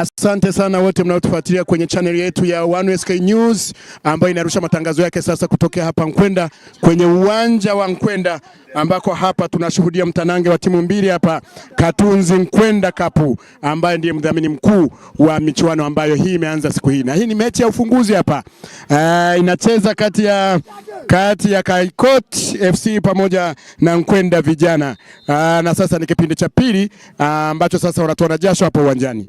Asante sana wote mnaotufuatilia kwenye channel yetu ya 1SK News ambayo inarusha matangazo yake sasa kutokea hapa Nkwenda kwenye uwanja wa Nkwenda ambako hapa tunashuhudia mtanange wa timu mbili hapa, Katunzi Nkwenda Cup ambaye ndiye mdhamini mkuu wa michuano ambayo hii imeanza siku hii, na hii ni mechi ya ufunguzi hapa. Uh, inacheza kati ya kati ya Kaikot FC pamoja na Nkwenda vijana. Uh, na sasa ni kipindi cha pili ah, ambacho uh, sasa wanatoa jasho hapo uwanjani.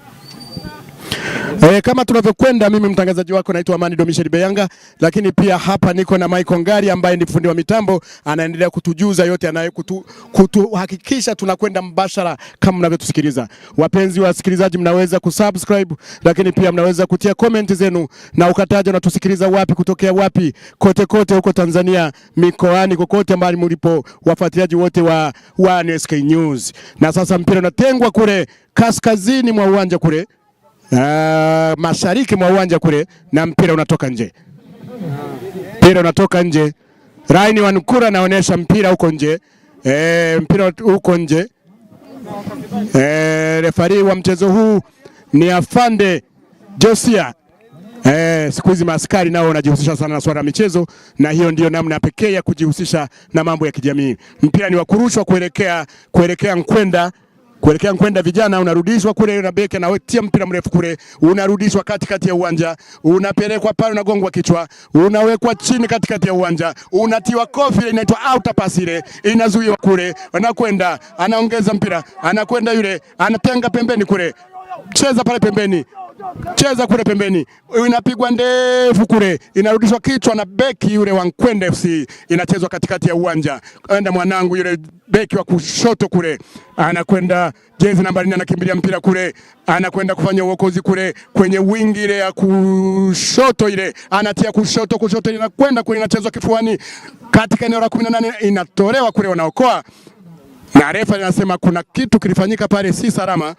E, kama tunavyokwenda mimi mtangazaji wako naitwa Amani Domishel Beyanga, lakini pia hapa niko na Michael Ngari ambaye ni fundi wa mitambo, anaendelea kutujuza yote anayokutuhakikisha kutu, tunakwenda mbashara kama mnavyotusikiliza. Wapenzi wa wasikilizaji, mnaweza kusubscribe, lakini pia mnaweza kutia comment zenu na ukataja unatusikiliza wapi kutokea wapi, kote kote huko Tanzania, mikoani kokote ambapo mlipo wafuatiliaji wote wa One sk News. Na sasa mpira unatengwa kule kaskazini mwa uwanja kule uh, mashariki mwa uwanja kule, na mpira unatoka nje, mpira unatoka nje. Raini Wankura anaonesha mpira huko nje e, mpira huko nje e, refari wa mchezo huu ni Afande Josia. Eh, siku hizi maaskari nao wanajihusisha sana na swala michezo, na hiyo ndiyo namna pekee ya kujihusisha na mambo ya kijamii. Mpira ni wa kurushwa kuelekea kuelekea Nkwenda kuelekea kwenda vijana, unarudishwa kule na beki wetia mpira mrefu kule, unarudishwa katikati ya uwanja, unapelekwa pale, unagongwa kichwa, unawekwa chini katikati ya uwanja, unatiwa kofi, inaitwa outer pass, ile inazuiwa kule, anakwenda anaongeza mpira, anakwenda yule, anatenga pembeni kule, cheza pale pembeni, cheza kule pembeni, inapigwa ndefu kule, inarudishwa kichwa na beki yule wa Nkwenda FC, inachezwa katikati ya uwanja, enda mwanangu yule beki wa kushoto kule, anakwenda jezi namba 4 anakimbilia mpira kule, anakwenda kufanya uokozi kule kwenye wingi ile ya kushoto ile, anatia kushoto, kushoto inakwenda kule, inachezwa kifuani katika eneo la 18 inatolewa kule, wanaokoa na refa anasema kuna kitu kilifanyika pale, si salama.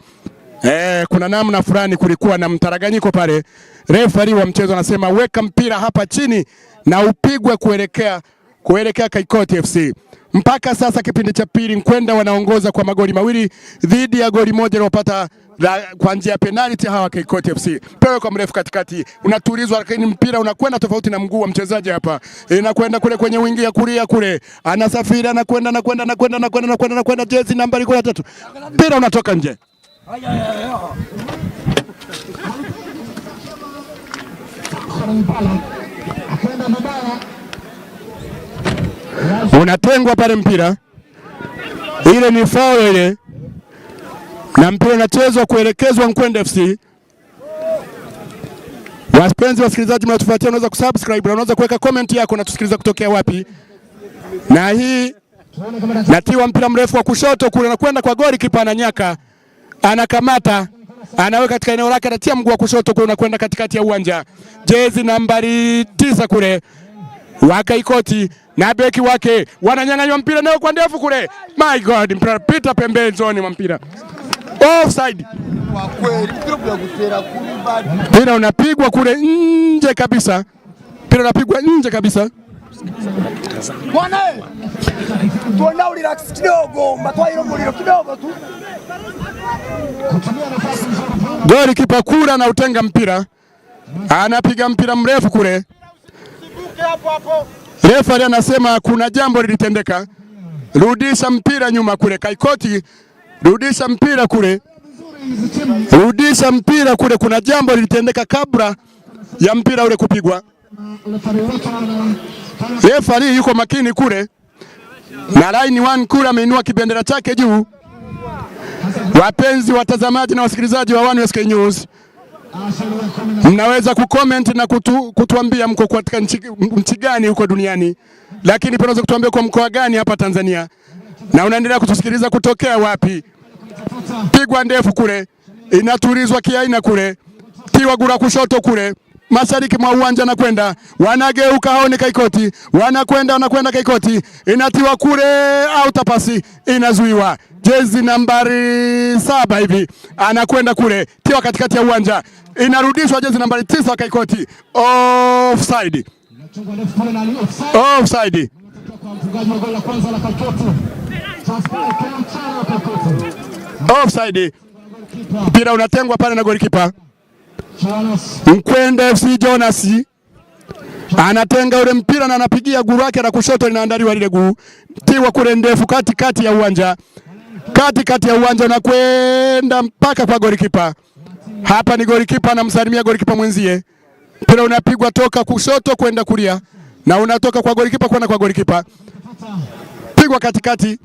Eh, kuna namna fulani kulikuwa na mtaraganyiko pale. Refari wa mchezo anasema weka mpira hapa chini na upigwe kuelekea kuelekea Kaikoti FC. Mpaka sasa kipindi cha pili Nkwenda wanaongoza kwa magoli mawili dhidi ya goli moja lilopata kwa njia ya penalty hawa Kaikoti FC. Pewe kwa mrefu katikati. Unatulizwa lakini mpira unakwenda tofauti na mguu wa mchezaji hapa. Inakwenda kule kwenye wingi ya kulia kule. Anasafiri anakwenda anakwenda anakwenda anakwenda anakwenda anakwenda jezi nambari 13. Mpira unatoka nje unatengwa pale mpira, ile ni foul ile, na mpira unachezwa kuelekezwa Mkwende FC. Wapenzi wasikilizaji, mnatufuatia, unaweza kusubscribe na unaweza kuweka comment yako na tusikiliza kutokea wapi. Na hii natiwa mpira mrefu wa kushoto kule na kwenda kwa goli, kipa nyaka anakamata anaweka katika eneo lake, anatia mguu wa kushoto kule, unakwenda katikati ya uwanja. Jezi nambari tisa kule wakaikoti na beki wake wananyang'anywa mpira nao kwa ndefu kule. My God, mpira pita pembeni zoni mwa mpira offside. Mpira unapigwa kule nje kabisa, mpira unapigwa nje kabisa. Bwana tuona kidogo, kidogo tu. Goli kipa kura na utenga mpira, anapiga mpira mrefu kule, refari anasema kuna jambo lilitendeka. Rudisha mpira nyuma kule, Kaikoti, rudisha mpira kule, rudisha mpira kule, kuna jambo lilitendeka kabla ya mpira ule kupigwa. Refari yuko makini kule na line one kule ameinua kibendera chake juu. Wapenzi watazamaji na wasikilizaji wa One SK News, mnaweza kucomment na kutu, kutuambia mko katika nchi gani huko duniani, lakini pia unaweza kutuambia kwa mkoa gani hapa Tanzania, na unaendelea kutusikiliza kutokea wapi? Pigwa ndefu kule inatulizwa kiaina kule, kiwagura kushoto kule mashariki mwa uwanja na kwenda wanageuka hao ni Kaikoti, wanakwenda wanakwenda Kaikoti, inatiwa kule autapasi inazuiwa jezi nambari saba hivi anakwenda kule tiwa katikati ya uwanja, inarudishwa jezi nambari tisa wa Kaikoti, offside, offside. Offside. Mpira unatengwa pale na golikipa. Mkwende FC Jonas anatenga ule mpira na anapigia guru lake la kushoto linaandaliwa lile guru tiwa kule ndefu kati kati ya uwanja kati kati ya uwanja na kwenda mpaka kwa golikipa. Hapa ni golikipa anamsalimia golikipa mwenzie, mpira unapigwa toka kushoto kwenda kulia na unatoka kwa golikipa kwenda kwa golikipa, pigwa katikati,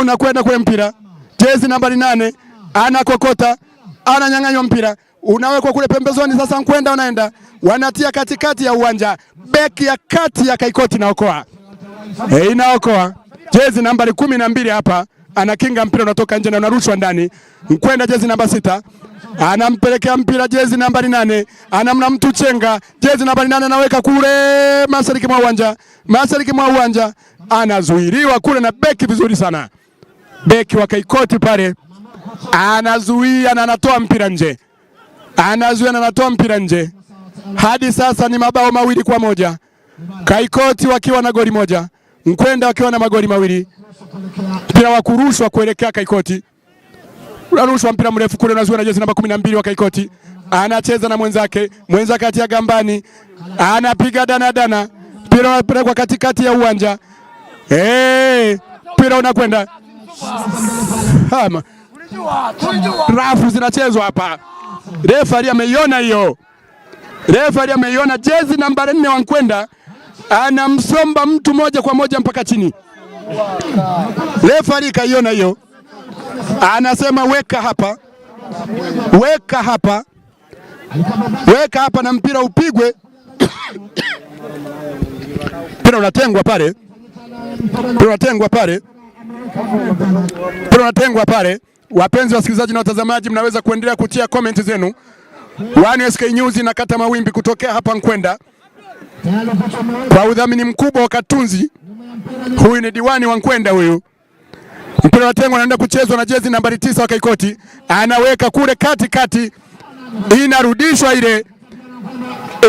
unakwenda kule mpira. Jezi nambari nane anakokota, ananyang'anywa mpira unawekwa kule pembezoni, sasa nkwenda unaenda, wanatia katikati ya uwanja, beki ya kati ya Kaikoti naokoa e, eh, inaokoa jezi nambari kumi na mbili hapa anakinga mpira unatoka nje na unarushwa ndani. Mkwenda jezi namba sita anampelekea mpira jezi nambari nane anamna mtu chenga jezi nambari nane anaweka kule mashariki mwa uwanja, mashariki mwa uwanja anazuiliwa kule na beki vizuri sana, beki wa Kaikoti pale anazuia na anatoa mpira nje anazuia na anatoa mpira nje. Hadi sasa ni mabao mawili kwa moja, Kaikoti wakiwa na goli moja, Mkwenda wakiwa na magoli mawili. Mpira wa kurushwa kuelekea Kaikoti, unarushwa mpira mrefu kule, unazuia na jezi namba kumi na mbili wa Kaikoti, anacheza na mwenzake, mwenzake atia gambani, anapiga danadana, mpira unapelekwa katikati ya uwanja. Hey, mpira unakwenda rafu zinachezwa hapa. Refari ameiona hiyo, refari ameiona jezi namba nne Wankwenda anamsomba mtu moja kwa moja mpaka chini. Refari kaiona hiyo, anasema weka hapa, weka hapa, weka hapa, na mpira upigwe mpira unatengwa pale, mpira unatengwa pale, mpira unatengwa pale. Wapenzi wasikilizaji na watazamaji, mnaweza kuendelea kutia comment zenu. One SK News inakata mawimbi kutokea hapa Nkwenda kwa udhamini mkubwa wa Katunzi. Huyu ni diwani wa Nkwenda huyu. Mpira wa tengo anaenda kuchezwa na jezi nambari tisa wa Kaikoti, anaweka kule katikati, inarudishwa ile,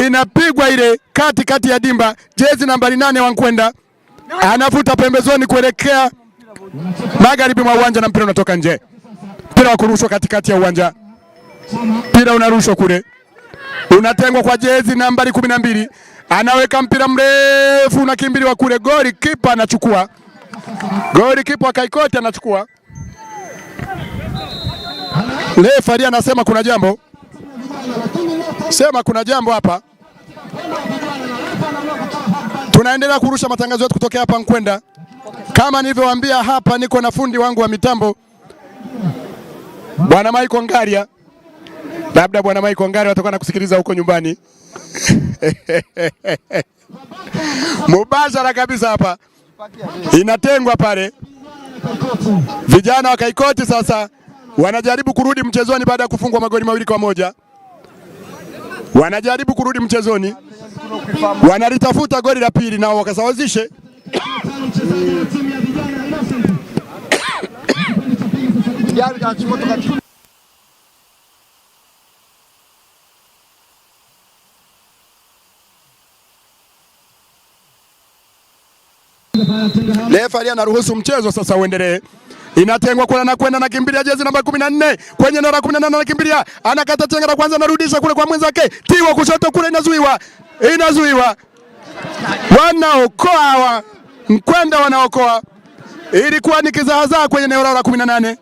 inapigwa ile katikati kati ya dimba. Jezi nambari nane wa Nkwenda anavuta pembezoni kuelekea magharibi mwa uwanja na mpira unatoka nje mpira wa kurushwa katikati ya uwanja, mpira unarushwa kule, unatengwa kwa jezi nambari kumi na mbili, anaweka mpira mrefu unakimbiliwa kule, goli kipa anachukua, goli kipa akaikoti anachukua. Refari anasema kuna jambo, sema kuna jambo hapa. Tunaendelea kurusha matangazo yetu kutokea hapa Nkwenda. Kama nilivyowaambia hapa, niko na fundi wangu wa mitambo Bwana Michael Ngaria, labda Bwana Michael Ngaria watakuwa kusikiliza huko nyumbani mubashara kabisa hapa inatengwa pale, vijana wa Kaikoti sasa wanajaribu kurudi mchezoni baada ya kufungwa magoli mawili kwa moja. Wanajaribu kurudi mchezoni, wanalitafuta goli la pili nao wakasawazishe Gari achukua toka Refa anaruhusu mchezo sasa uendelee. Inatengwa kule na kwenda na kimbilia jezi namba 14 kwenye nara 18 na kimbilia. Anakata chenga la kwanza narudisha kule kwa mwenzake. Tiwa kushoto kule inazuiwa. Inazuiwa. Wanaokoa hawa. Mkwenda wanaokoa. Ilikuwa ni kizaazaa kwenye eneo la 18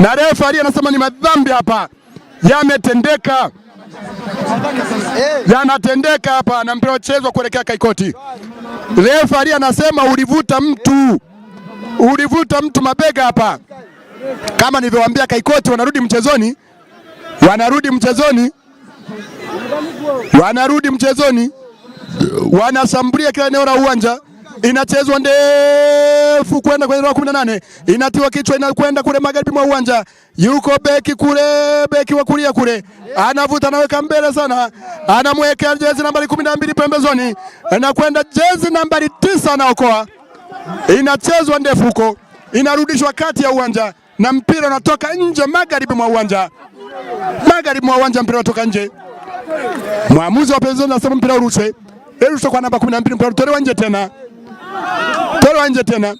na refari anasema ni madhambi hapa yametendeka, eh. yanatendeka hapa, na mpira uchezwa kuelekea kaikoti. Refari anasema ulivuta mtu, ulivuta mtu mabega hapa. Kama nilivyowaambia, kaikoti wanarudi mchezoni, wanarudi mchezoni, wanarudi mchezoni, wanashambulia kila eneo la uwanja inachezwa ndefu kwenda kwenye kumi na nane, inatiwa kichwa, inakwenda kule magharibi mwa uwanja. Yuko beki kule, beki wa kulia kule, anavuta anaweka mbele sana, anamwekea jezi nambari kumi na mbili pembezoni, anakwenda jezi nambari tisa, anaokoa. Inachezwa ndefu huko, inarudishwa kati ya uwanja na mpira unatoka nje magharibi mwa uwanja, magharibi mwa uwanja, mpira unatoka nje. Mwamuzi wa pembezoni anasema mpira urushwe, erushwa kwa namba 12, mpira utolewa nje tena tolewa nje tena.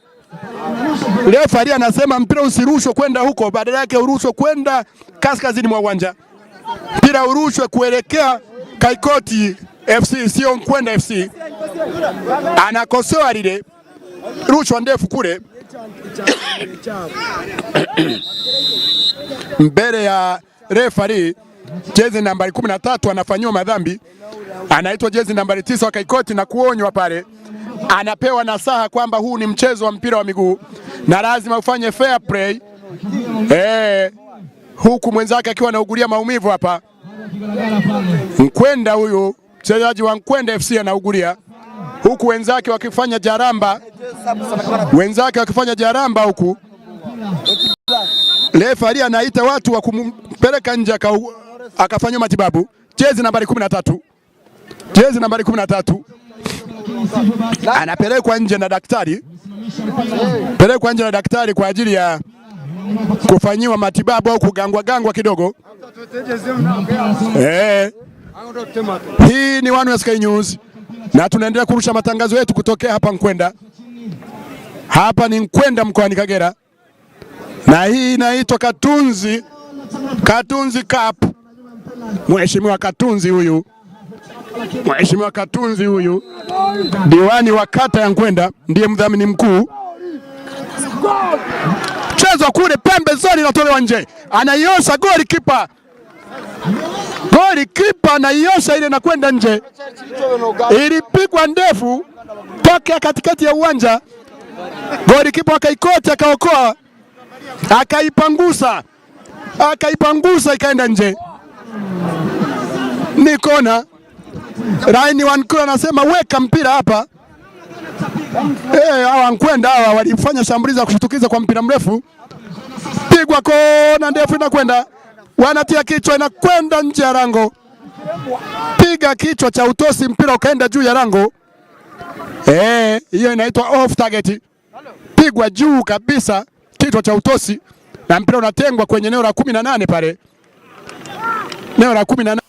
refari anasema mpira usirushwe kwenda huko, badala yake urushwe kwenda kaskazini mwa uwanja, mpira urushwe kuelekea Kaikoti FC, sio kwenda FC. Anakosoa lile rushwa ndefu kule mbele ya refari jezi nambari kumi na tatu anafanyiwa madhambi, anaitwa jezi nambari tisa wa Kaikoti na kuonywa pale anapewa nasaha kwamba huu ni mchezo wa mpira wa miguu na lazima ufanye fair play eh, huku mwenzake akiwa anaugulia maumivu hapa. Nkwenda huyu mchezaji wa Nkwenda FC anaugulia huku wenzake wakifanya jaramba, wenzake wakifanya jaramba huku refari anaita watu wa kumpeleka nje akafanywa matibabu. Jezi nambari 13, jezi nambari 13 anapelekwa nje na daktari, pelekwa nje na daktari kwa ajili ya kufanyiwa matibabu au kugangwa gangwa kidogo. Eh, hii ni One Sky News na tunaendelea kurusha matangazo yetu kutokea hapa Nkwenda. Hapa ni Nkwenda mkoani Kagera, na hii inaitwa Katunzi Katunzi Cup. Mheshimiwa Katunzi huyu Mheshimiwa Katunzi huyu diwani wa kata ya Nkwenda ndiye mdhamini mkuu. Mchezo kule pembezoni inatolewa nje, anaiosha goli kipa, goli kipa anaiosha ile kwenda nje, ilipigwa ndefu toka katikati ya uwanja, goli kipa akaikoti, akaokoa, akaipangusa, akaipangusa ikaenda nje, ni kona. Raini Wankura anasema weka mpira hapa. Hey, eh, hawa nkwenda hawa walifanya shambulizi ya kushtukiza kwa mpira mrefu, pigwa kona ndefu, inakwenda wanatia kichwa, inakwenda nje ya rango, piga kichwa cha utosi, mpira ukaenda juu ya rango. Hey, eh, hiyo inaitwa off target, pigwa juu kabisa, kichwa cha utosi, na mpira unatengwa kwenye eneo la kumi na nane pale, eneo la kumi na nane.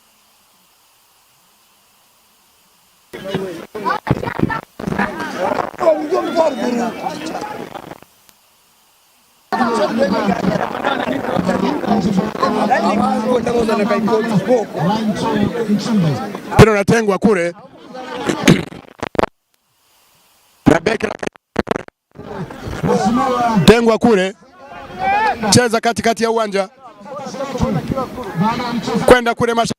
Mpira unatengwa kule na beki tengwa kule, cheza katikati ya uwanja kwenda kule masha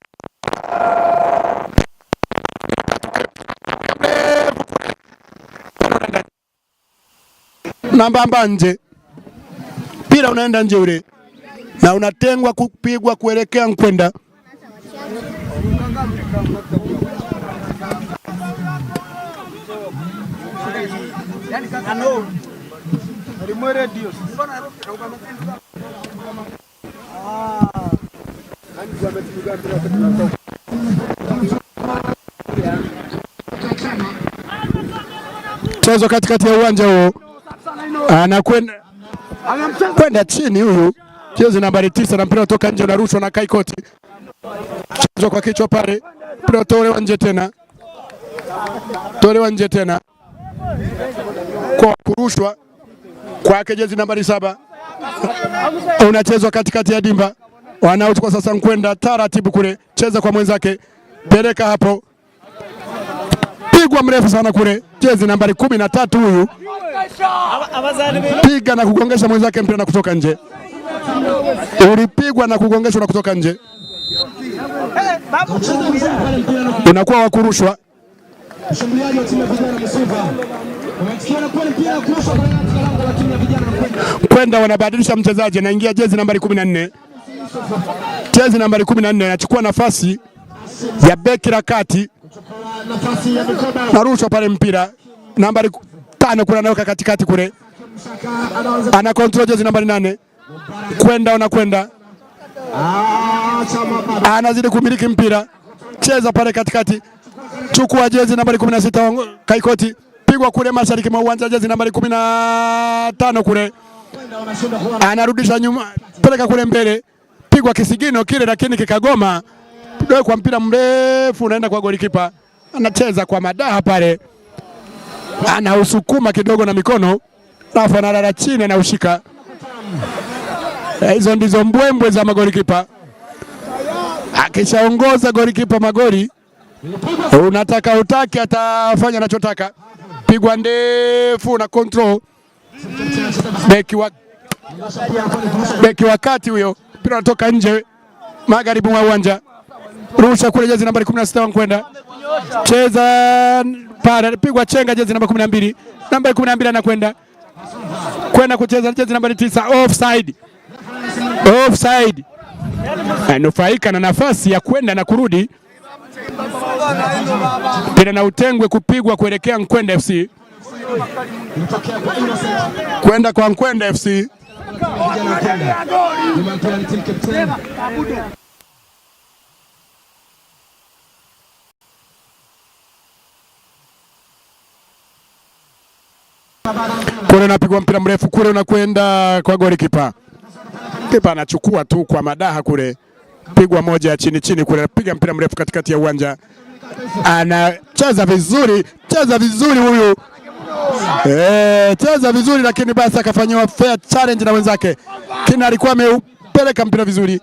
nambamba nje, mpira unaenda nje ule na unatengwa kupigwa kuelekea nkwenda. Mchezo katikati ya uwanja huo anakwenda chini huyu jezi nambari tisa na mpira utoka nje unarushwa na Kaikoti, chezwa kwa kichwa pale, mpira utolewa nje tena, tolewa nje tena kwa kurushwa kwake jezi nambari saba unachezwa katikati ya dimba, wanauchukua sasa, nkwenda taratibu kule, cheza kwa mwenzake, peleka hapo Mpigwa mrefu sana kule, jezi nambari kumi na tatu huyu piga na kugongesha mwenzake mpira na kutoka nje. Ulipigwa na kugongesha na kutoka nje, unakuwa kurushwa. kwenda wanabadilisha mchezaji, anaingia jezi nambari kumi na nne. Jezi nambari kumi na nne anachukua nafasi ya beki la kati Narushwa pale mpira nambari tano kule anaweka katikati kule, ana control jezi nambari nane kwenda unakwenda, anazidi kumiliki mpira, cheza pale katikati, chukua jezi nambari kumi na sita Kaikoti, pigwa kule mashariki mwa uwanja, jezi nambari kumi na tano kule, anarudisha nyuma, peleka kule mbele, pigwa kisigino kile, lakini kikagoma mdoe kwa mpira mrefu unaenda kwa golikipa, anacheza kwa madaha pale, anausukuma kidogo na mikono, alafu analala chini, anaushika. Eh, hizo ndizo mbwembwe za magolikipa. Akishaongoza golikipa magoli, unataka utaki, atafanya anachotaka. Pigwa ndefu na control beki wa beki wakati huyo mpira unatoka nje magharibi mwa uwanja rusha kule jezi nambari 16 Wankwenda, cheza pale, pigwa chenga jezi namba 12, nambari 12 anakwenda kwenda kucheza jezi nambari 9 offside, offside. Anufaika na nafasi ya kwenda na kurudi tena, na utengwe kupigwa kuelekea Nkwenda FC, kwenda kwa Nkwenda FC. Kule unapigwa mpira mrefu kule unakwenda kwa golikipa. Kipa anachukua tu kwa madaha kule. Pigwa moja chini chini kule anapiga mpira mrefu katikati ya uwanja. Anacheza vizuri, cheza vizuri huyu. Eh, cheza vizuri lakini basi akafanyiwa fair challenge na wenzake. Kina alikuwa ameupeleka mpira vizuri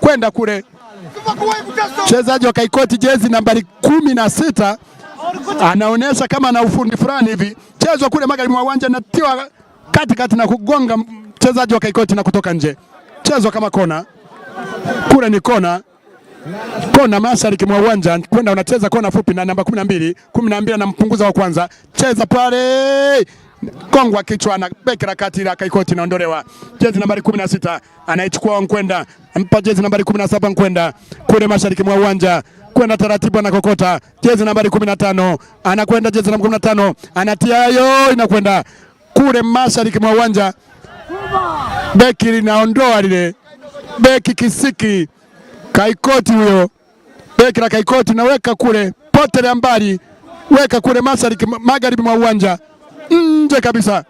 kwenda kule. Mchezaji wakaikoti jezi nambari kumi na sita anaonesha kama na ufundi fulani hivi, chezwa kule magharibi mwa uwanja, natiwa katikati na kugonga mchezaji wa Kaikoti na kutoka nje, chezwa kama kona. Kule ni kona, kona mashariki mwa uwanja, kwenda unacheza kona fupi na namba kumi na mbili, kumi na mbili anampunguza wa kwanza, cheza pale kongwa kichwa na beki la kati la Kaikoti inaondolewa. Jezi nambari 16 anaichukua Nkwenda, ampa jezi nambari 17 Nkwenda kule mashariki mwa uwanja kwenda taratibu, anakokota jezi nambari 15, anakwenda jezi namba 15, anatia yo, inakwenda kule mashariki mwa uwanja. Beki linaondoa lile beki kisiki Kaikoti, huyo beki la Kaikoti naweka kule, potele mbali, weka kule mashariki magharibi mwa uwanja, nje kabisa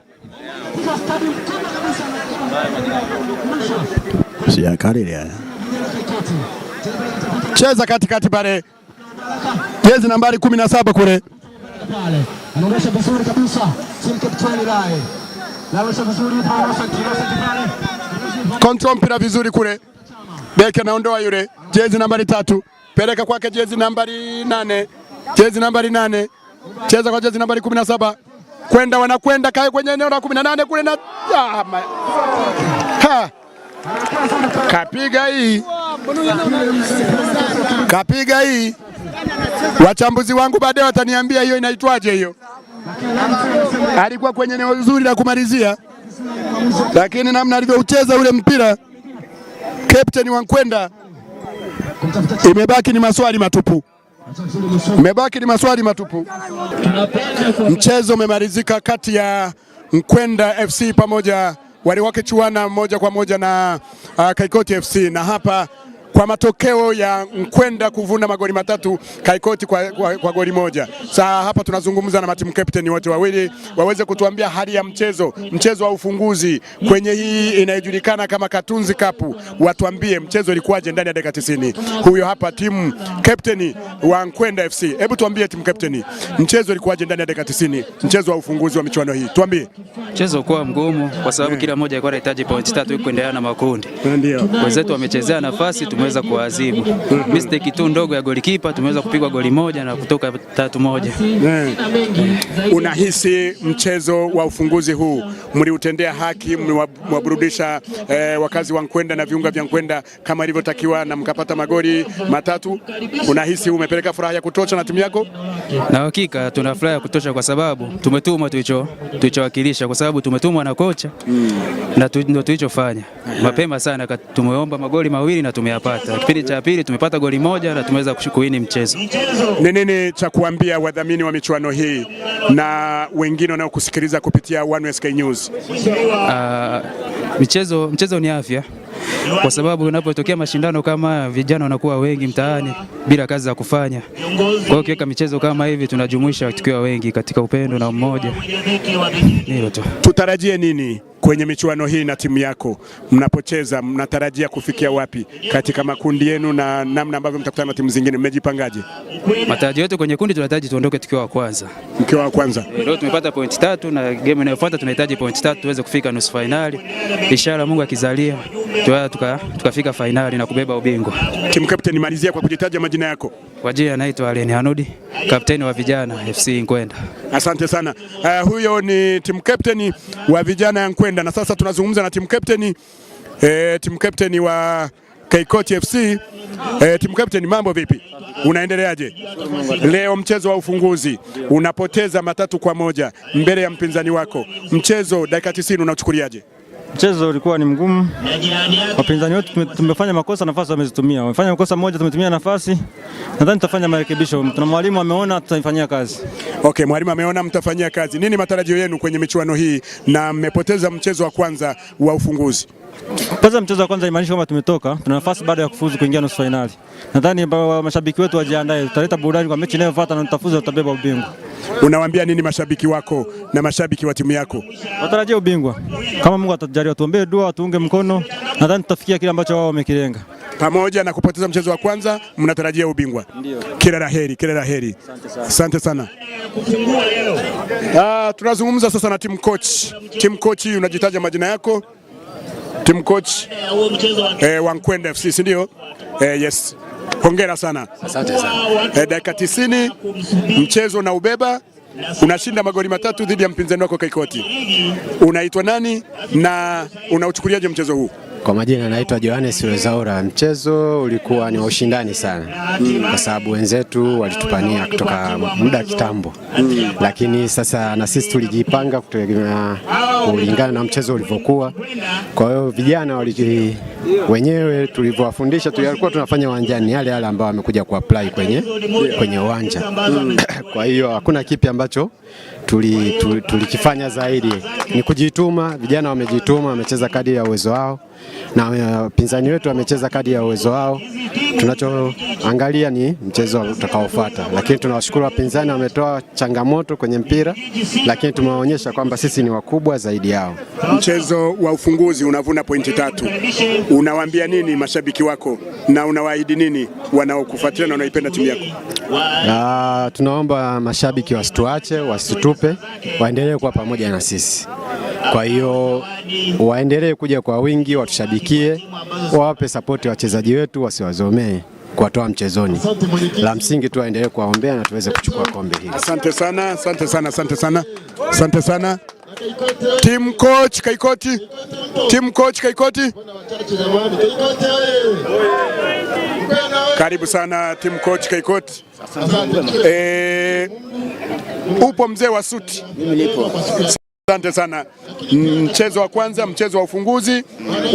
siakalile cheza katikati pale, jezi nambari kumi na saba kule anaonyesha vizuri kontrol mpira vizuri kule, beki anaondoa yule, jezi nambari tatu, peleka kwake, jezi nambari nane, jezi nambari nane, cheza kwa jezi nambari kumi na saba kwenda wanakwenda kae kwenye eneo la kumi na nane kule na ah, kapiga hii kapiga hii. Wachambuzi wangu baadaye wataniambia hiyo inaitwaje hiyo. Alikuwa kwenye eneo zuri la kumalizia, lakini namna alivyoucheza ule mpira kapteni nkwenda imebaki ni maswali matupu, imebaki ni maswali matupu. Mchezo umemalizika kati ya Nkwenda FC pamoja waliwakichuana moja kwa moja na uh, Kaikoti FC na hapa kwa matokeo ya Nkwenda kuvuna magoli matatu Kaikoti kwa, kwa, kwa goli moja. Sasa hapa tunazungumza na matimu captain wote wawili waweze kutuambia hali ya mchezo, mchezo wa ufunguzi kwenye hii inayojulikana kama Katunzi Cup, watuambie mchezo ilikuwaje ndani ya dakika tisini. Huyo hapa timu captain wa Nkwenda FC. Hebu tuambie timu captain, mchezo ilikuwaje ndani ya dakika tisini, mchezo wa ufunguzi wa michuano hii, tuambie. Mchezo kuwa mgumu kwa sababu yeah. Kila mmoja alikuwa anahitaji pointi tatu kuendelea na makundi. Ndio. Wenzetu wamechezea nafasi tume tumeweza kuwaadhibu. Mistake tu ndogo ya golikipa tumeweza kupigwa goli moja na kutoka tatu moja. Eh, unahisi mchezo wa ufunguzi huu mliutendea haki, mliwaburudisha eh, wakazi wa Nkwenda na viunga vya Nkwenda kama ilivyotakiwa na mkapata magoli matatu? Unahisi umepeleka furaha ya kutosha na timu yako? Na hakika tuna furaha ya kutosha kwa sababu tumetumwa tulicho tulichowakilisha, kwa sababu tumetumwa na kocha mm. na ndio tulichofanya mapema sana, tumeomba magoli mawili na tumeyapata tumepata. Kipindi cha pili tumepata goli moja na tumeweza kuini mchezo. Ni nini cha kuambia wadhamini wa michuano hii na wengine wanaokusikiliza kupitia One SK News? Uh, michezo, mchezo ni afya kwa sababu unapotokea mashindano kama vijana wanakuwa wengi mtaani bila kazi za kufanya. Kwa hiyo ukiweka michezo kama hivi, tunajumuisha tukiwa wengi katika upendo na umoja. Hilo tu. Tutarajie nini kwenye michuano hii na timu yako mnapocheza, mnatarajia kufikia wapi katika makundi yenu na namna ambavyo mtakutana na timu zingine? Mmejipangaje? Matarajio yetu kwenye kundi, tunataraji tuondoke tukiwa wa kwanza mkiwa wa kwanza. Leo tumepata pointi tatu na game inayofuata tunahitaji pointi tatu tuweze kufika nusu fainali. Inshallah Mungu akizalia tuka, tukafika fainali na kubeba ubingwa. Team captain, malizia kwa kujitaja majina yako. Kwa jina anaitwa Aleni Hanudi, kapteni wa vijana FC Nkwenda. Asante sana. Uh, huyo ni team captain wa vijana ya Nkwenda na sasa tunazungumza na team captain eh, team captain wa Kaikoti FC eh, team captain mambo vipi? unaendeleaje leo? Mchezo wa ufunguzi unapoteza matatu kwa moja mbele ya mpinzani wako, mchezo dakika 90 unachukuliaje? Mchezo ulikuwa ni mgumu, wapinzani wetu tumefanya makosa, nafasi wamezitumia. Wamefanya makosa moja, tumetumia nafasi. Nadhani tutafanya marekebisho, na mwalimu ameona, tutaifanyia kazi. Okay, mwalimu ameona, mtafanyia kazi. Nini matarajio yenu kwenye michuano hii, na mmepoteza mchezo wa kwanza wa ufunguzi? Kwanza mchezo wa kwanza imaanisha kwamba tumetoka, tuna nafasi baada ya kufuzu kuingia nusu fainali. Nadhani mashabiki wetu wajiandae, tutaleta burudani kwa mechi inayofuata na tutafuzu, tutabeba ubingwa. Unawaambia nini mashabiki wako na mashabiki wa timu yako? Watarajia ubingwa kama Mungu atatujalia, tuombee dua, tuunge mkono. Nadhani tutafikia kile ambacho wao wamekilenga. Pamoja na kupoteza mchezo wa kwanza, mnatarajia ubingwa. Kila la heri, kila la heri. Asante sana. Ah, tunazungumza sasa na team coach. Team coach, unajitaja majina yako team coach eh, Wankwenda FC si ndio? Eh, yes. Hongera sana. Asante sana. Eh, dakika 90 mchezo na ubeba unashinda magoli matatu dhidi ya mpinzani wako Kaikoti. Unaitwa nani na unauchukuliaje mchezo huu? Kwa majina naitwa Johannes Wezaura. Mchezo ulikuwa ni wa ushindani sana mm. kwa sababu wenzetu walitupania kutoka muda kitambo mm. lakini sasa na sisi tulijipanga kutegemea kulingana na mchezo ulivyokuwa. Kwa hiyo vijana waliji, wenyewe tulivyowafundisha tulikuwa tunafanya uwanjani yale yale ambao wamekuja kuapply kwenye, kwenye uwanja kwa hiyo hakuna kipi ambacho tulikifanya tuli, tuli zaidi ni kujituma. Vijana wamejituma, wamecheza kadi ya uwezo wao na wapinzani uh, wetu wamecheza kadi ya uwezo wao. Tunachoangalia ni mchezo utakaofuata, lakini tunawashukuru wapinzani, wametoa changamoto kwenye mpira, lakini tumewaonyesha kwamba sisi ni wakubwa zaidi yao. Mchezo wa ufunguzi unavuna pointi tatu, unawaambia nini mashabiki wako na unawaahidi nini wanaokufuatilia na wanaipenda timu yako? Uh, tunaomba mashabiki wasituache, wasitutupe, waendelee kuwa pamoja na sisi. Kwa hiyo waendelee kuja kwa wingi, watushabikie, wawape sapoti wachezaji wetu, wasiwazomee kuwatoa mchezoni. La msingi tu waendelee kuwaombea na tuweze kuchukua kombe hili. Asante sana, asante sana, asante sana, asante sana. Team coach Kaikoti, team coach Kaikoti, karibu sana team coach Kaikoti. Eh, upo mzee wa suti? Mimi nipo. Asante sana. Mchezo wa kwanza, mchezo wa ufunguzi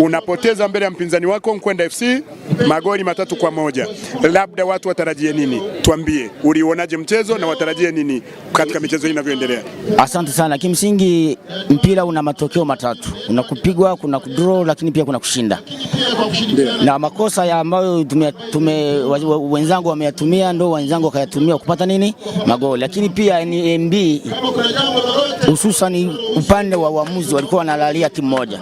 unapoteza mbele ya mpinzani wako Nkwenda FC magoli matatu kwa moja. Labda watu watarajie nini? Tuambie, uliuonaje mchezo na watarajie nini katika michezo hii inavyoendelea? Asante sana. Kimsingi mpira una matokeo matatu, una kupigwa, kuna kudraw, lakini pia kuna kushinda. Na makosa ya ambayo tume, tume, wenzangu wameyatumia, ndo wenzangu wakayatumia kupata nini magoli, lakini pia NMB hususan upande wa uamuzi walikuwa wanalalia timu moja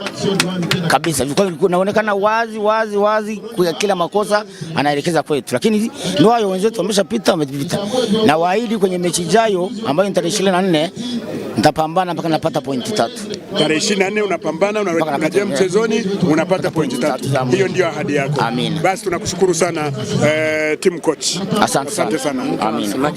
kabisa, inaonekana wazi wazi wazi, kila makosa anaelekeza kwetu, lakini ndio hayo, wenzetu wameshapita, wamepita. Na waahidi kwenye mechi ijayo ambayo ni tarehe nne nitapambana mpaka napata pointi tatu. Tarehe 24 unapambana, unarejea mchezoni, unapata pointi tatu. Hiyo ndio ahadi yako. Amina. Basi tunakushukuru sana eh, team coach. Asante sana. Asante sana. Amina.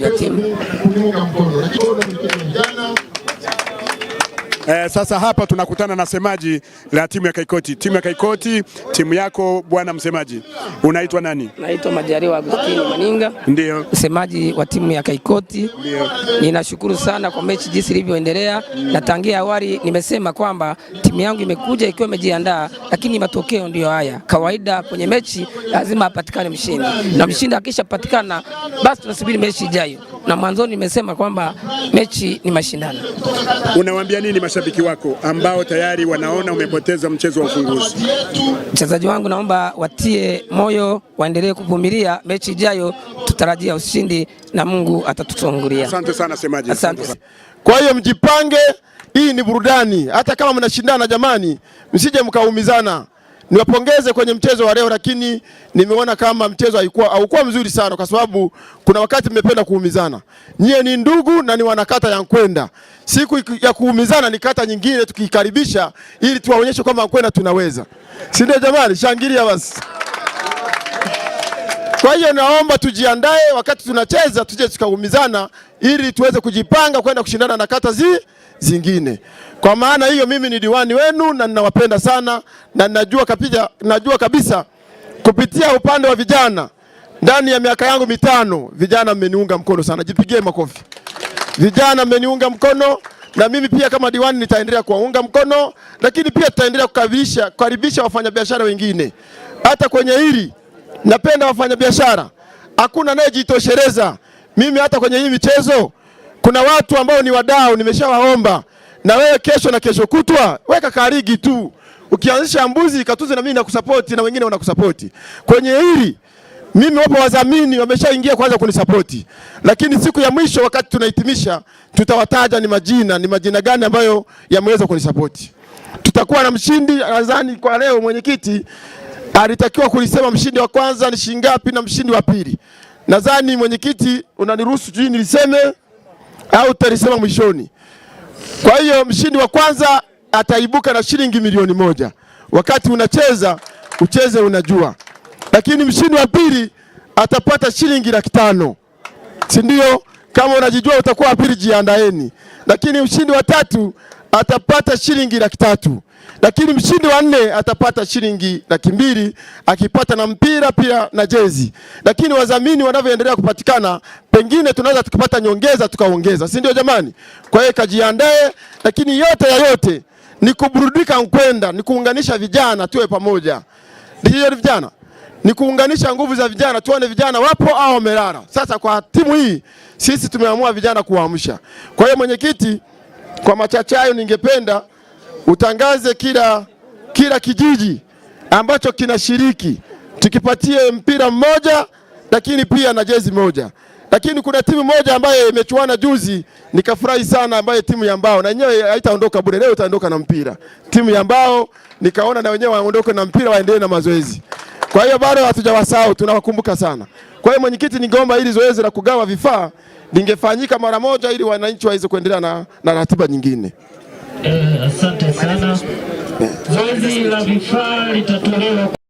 Eh, sasa hapa tunakutana na semaji la timu ya Kaikoti. Timu ya Kaikoti, timu yako bwana msemaji unaitwa nani? Naitwa Majaliwa Agustini Maninga, ndio msemaji wa timu ya Kaikoti. Ndio, ninashukuru sana kwa mechi jinsi ilivyoendelea, na tangia awali nimesema kwamba timu yangu imekuja ikiwa imejiandaa, lakini matokeo ndiyo haya. Kawaida kwenye mechi lazima apatikane mshindi, na mshindi akishapatikana, basi tunasubiri mechi ijayo na mwanzoni nimesema kwamba mechi ni mashindano. Unawaambia nini mashabiki wako ambao tayari wanaona umepoteza mchezo wa ufunguzi? Mchezaji wangu, naomba watie moyo, waendelee kuvumilia. Mechi ijayo tutarajia ushindi na Mungu atatutangulia. Asante sana semaji. Asante. Kwa hiyo mjipange, hii ni burudani. Hata kama mnashindana, jamani, msije mkaumizana niwapongeze kwenye mchezo wa leo, lakini nimeona kama mchezo haikuwa haukuwa mzuri sana, kwa sababu kuna wakati mmependa kuumizana. Nyie ni ndugu na ni wanakata ya Nkwenda, siku ya kuumizana ni kata nyingine tukiikaribisha, ili tuwaonyeshe kwamba Nkwenda tunaweza, si ndio? Jamani, shangilia basi. Kwa hiyo naomba tujiandae, wakati tunacheza tuje tukaumizana, ili tuweze kujipanga kwenda kushindana na kata zi, zingine. Kwa maana hiyo, mimi ni diwani wenu na ninawapenda sana na najua kapija, najua kabisa kupitia upande wa vijana ndani ya miaka yangu mitano, vijana mmeniunga mkono sana, jipigie makofi. Vijana mmeniunga mkono na mimi pia kama diwani nitaendelea kuwaunga mkono, lakini pia tutaendelea kukaribisha wafanyabiashara wengine hata kwenye hili Napenda wafanyabiashara, hakuna anayejitosheleza. Mimi hata kwenye hii michezo kuna watu ambao ni wadau, nimeshawaomba na wewe kesho na kesho kutwa weka karigi tu, ukianzisha mbuzi katuze, na mimi nakusapoti na wengine wanakusapoti kwenye hili. Mimi wapo wadhamini wameshaingia kwanza kunisapoti, lakini siku ya mwisho wakati tunahitimisha, tutawataja ni majina, ni majina gani ambayo yameweza kunisapoti. Tutakuwa na mshindi. Nadhani kwa leo mwenyekiti alitakiwa kulisema mshindi wa kwanza ni shilingi ngapi na mshindi wa pili. Nadhani mwenyekiti unaniruhusu juu niliseme au utalisema mwishoni. Kwa hiyo mshindi wa kwanza ataibuka na shilingi milioni moja. Wakati unacheza ucheze unajua, lakini mshindi wa pili atapata shilingi laki tano, si ndio? Kama unajijua utakuwa wa pili, jiandaeni. Lakini mshindi wa tatu atapata shilingi laki tatu lakini mshindi wa nne atapata shilingi laki mbili akipata na mpira pia na jezi. Lakini wadhamini wanavyoendelea kupatikana, pengine tunaweza tukipata nyongeza tukaongeza, si ndio jamani? Kwa hiyo kajiandae, lakini yote ya yote ni kuburudika Nkwenda, ni kuunganisha vijana tuwe pamoja, ndio vijana ni kuunganisha nguvu za vijana, tuone vijana wapo au wamelala. Sasa kwa timu hii sisi tumeamua vijana kuwaamsha. Kwa hiyo mwenyekiti, kwa machache hayo, ningependa utangaze kila, kila kijiji ambacho kinashiriki tukipatie mpira mmoja, lakini pia na jezi moja. Lakini kuna timu moja ambayo imechuana juzi nikafurahi sana, ambayo timu ya Mbao na yenyewe haitaondoka bure, leo itaondoka na mpira. Timu ya Mbao nikaona na wenyewe waondoke na mpira, waendelee na mazoezi. Kwa hiyo bado hatujawasahau, tunawakumbuka sana. Kwa hiyo mwenyekiti, ningeomba ili zoezi la kugawa vifaa lingefanyika mara moja, ili wananchi waweze kuendelea na, na ratiba nyingine. Eh, asante sana. Zoezi la vifaa litatolewa